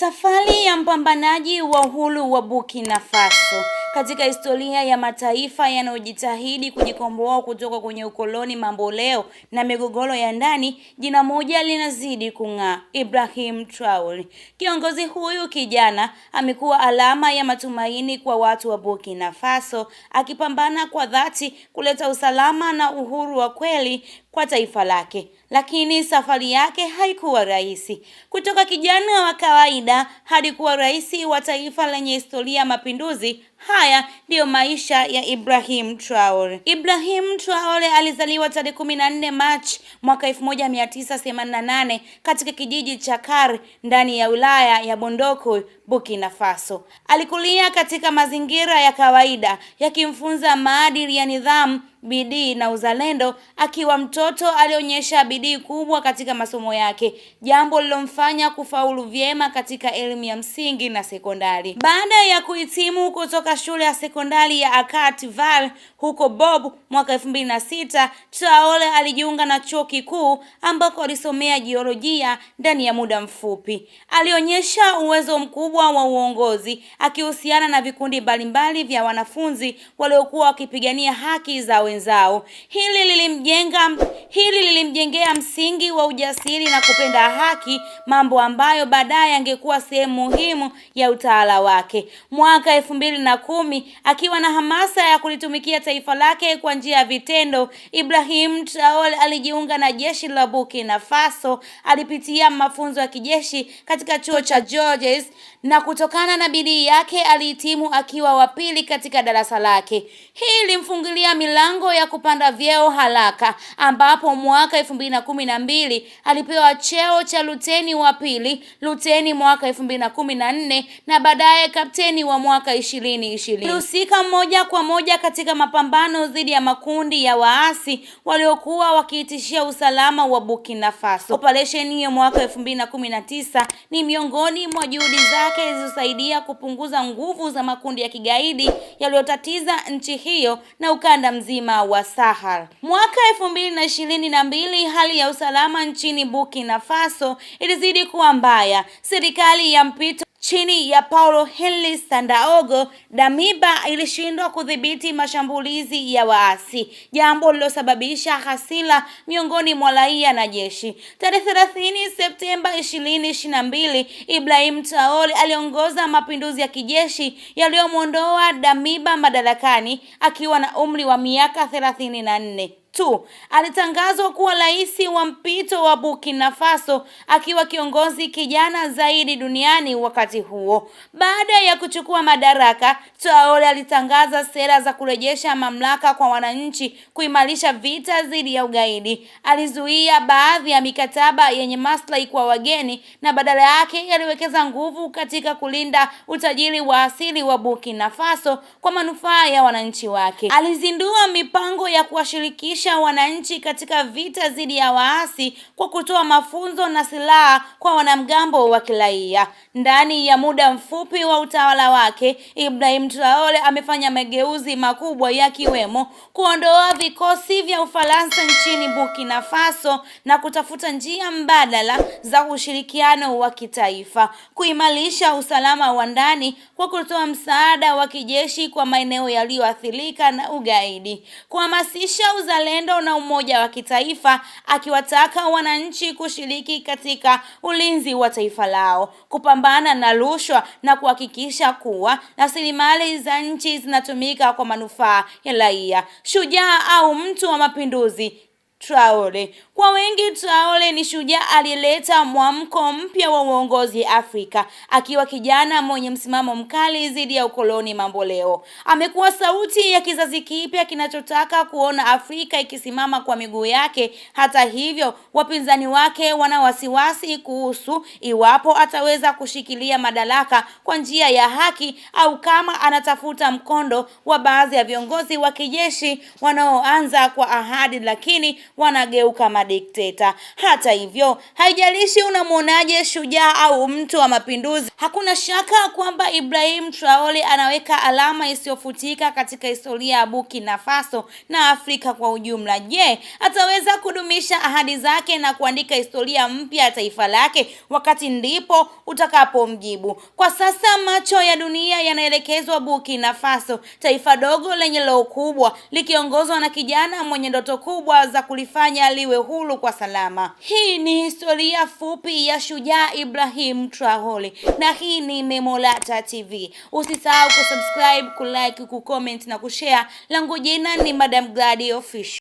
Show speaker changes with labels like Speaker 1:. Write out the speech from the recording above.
Speaker 1: Safari ya mpambanaji wa uhuru wa Burkina Faso katika historia ya mataifa yanayojitahidi kujikomboa kutoka kwenye ukoloni mamboleo na migogoro ya ndani, jina moja linazidi kung'aa: Ibrahim Traore. Kiongozi huyu kijana amekuwa alama ya matumaini kwa watu wa Burkina Faso, akipambana kwa dhati kuleta usalama na uhuru wa kweli kwa taifa lake. Lakini safari yake haikuwa rahisi. Kutoka kijana wa kawaida hadi kuwa rais wa taifa lenye historia ya mapinduzi Haya ndiyo maisha ya Ibrahim Traore. Ibrahim Traore alizaliwa tarehe 14 Machi mwaka 1988 katika kijiji cha Kar ndani ya wilaya ya Bondoko, Burkina Faso. Alikulia katika mazingira ya kawaida yakimfunza maadili ya nidhamu bidii na uzalendo. Akiwa mtoto alionyesha bidii kubwa katika masomo yake, jambo lilomfanya kufaulu vyema katika elimu ya msingi na sekondari. Baada ya kuhitimu kutoka shule ya sekondari ya Akati Val huko Bob mwaka elfu mbili na sita, Traore alijiunga na chuo kikuu ambako alisomea jiolojia. Ndani ya muda mfupi alionyesha uwezo mkubwa wa uongozi, akihusiana na vikundi mbalimbali vya wanafunzi waliokuwa wakipigania haki za wenzao. Hili lilimjenga hili lilimjengea msingi wa ujasiri na kupenda haki, mambo ambayo baadaye angekuwa sehemu muhimu ya utawala wake. Mwaka elfu mbili na kumi akiwa na hamasa ya kulitumikia taifa lake kwa njia ya vitendo, Ibrahim Traore alijiunga na jeshi la Burkina Faso. Alipitia mafunzo ya kijeshi katika chuo cha Georges na kutokana na bidii yake alihitimu akiwa wa pili katika darasa lake. Hii ilimfungulia milango mipango ya kupanda vyeo haraka ambapo mwaka elfu mbili na kumi na mbili alipewa cheo cha luteni wa pili, luteni mwaka elfu mbili na kumi na nne na baadaye kapteni wa mwaka ishirini ishirini. Alihusika moja kwa moja katika mapambano dhidi ya makundi ya waasi waliokuwa wakiitishia usalama wa Burkina Faso. Operesheni hiyo mwaka elfu mbili na kumi na tisa ni miongoni mwa juhudi zake zilizosaidia kupunguza nguvu za makundi ya kigaidi yaliyotatiza nchi hiyo na ukanda mzima mlima wa Sahar. Mwaka elfu mbili na ishirini na mbili hali ya usalama nchini Burkina Faso ilizidi kuwa mbaya. Serikali ya mpito Chini ya Paulo Henry Sandaogo, Damiba ilishindwa kudhibiti mashambulizi ya waasi, jambo lililosababisha hasila miongoni mwa raia na jeshi. Tarehe 30 Septemba 2022, Ibrahim Traore aliongoza mapinduzi ya kijeshi yaliyomwondoa Damiba madarakani akiwa na umri wa miaka 34 tu alitangazwa kuwa rais wa mpito wa Burkina Faso akiwa kiongozi kijana zaidi duniani wakati huo. Baada ya kuchukua madaraka, Traore alitangaza sera za kurejesha mamlaka kwa wananchi, kuimarisha vita dhidi ya ugaidi. Alizuia baadhi ya mikataba yenye maslahi kwa wageni na badala yake aliwekeza nguvu katika kulinda utajiri wa asili wa Burkina Faso kwa manufaa ya wananchi wake. Alizindua mipango ya kuwashirikisha kushirikisha wananchi katika vita dhidi ya waasi kwa kutoa mafunzo na silaha kwa wanamgambo wa kiraia. Ndani ya muda mfupi wa utawala wake, Ibrahim Traore amefanya mageuzi makubwa yakiwemo kuondoa vikosi vya Ufaransa nchini Burkina Faso na kutafuta njia mbadala za ushirikiano wa kitaifa, kuimarisha usalama wa ndani kwa kutoa msaada wa kijeshi kwa maeneo yaliyoathirika na ugaidi, kuhamasisha uzalendo uzalendo na umoja wa kitaifa, akiwataka wananchi kushiriki katika ulinzi wa taifa lao, kupambana na rushwa na kuhakikisha kuwa rasilimali za nchi zinatumika kwa manufaa ya raia. Shujaa au mtu wa mapinduzi Traore. Kwa wengi Traore ni shujaa aliyeleta mwamko mpya wa uongozi Afrika, akiwa kijana mwenye msimamo mkali dhidi ya ukoloni mamboleo. Amekuwa sauti ya kizazi kipya kinachotaka kuona Afrika ikisimama kwa miguu yake. Hata hivyo, wapinzani wake wana wasiwasi kuhusu iwapo ataweza kushikilia madaraka kwa njia ya haki au kama anatafuta mkondo wa baadhi ya viongozi wa kijeshi wanaoanza kwa ahadi lakini wanageuka madikteta. Hata hivyo, haijalishi unamwonaje shujaa au mtu wa mapinduzi, hakuna shaka kwamba Ibrahim Traore anaweka alama isiyofutika katika historia ya Burkina Faso na Afrika kwa ujumla. Je, ataweza kudumisha ahadi zake na kuandika historia mpya ya taifa lake? Wakati ndipo utakapomjibu. Kwa sasa macho ya dunia yanaelekezwa Burkina Faso, taifa dogo lenye lo kubwa likiongozwa na kijana mwenye ndoto kubwa za kuli kulifanya liwe huru kwa salama. Hii ni historia fupi ya shujaa Ibrahim Traore, na hii ni Memorata TV. Usisahau kusubscribe, kulike, kucomment na kushare. Langu jina ni Madam Gladi Official.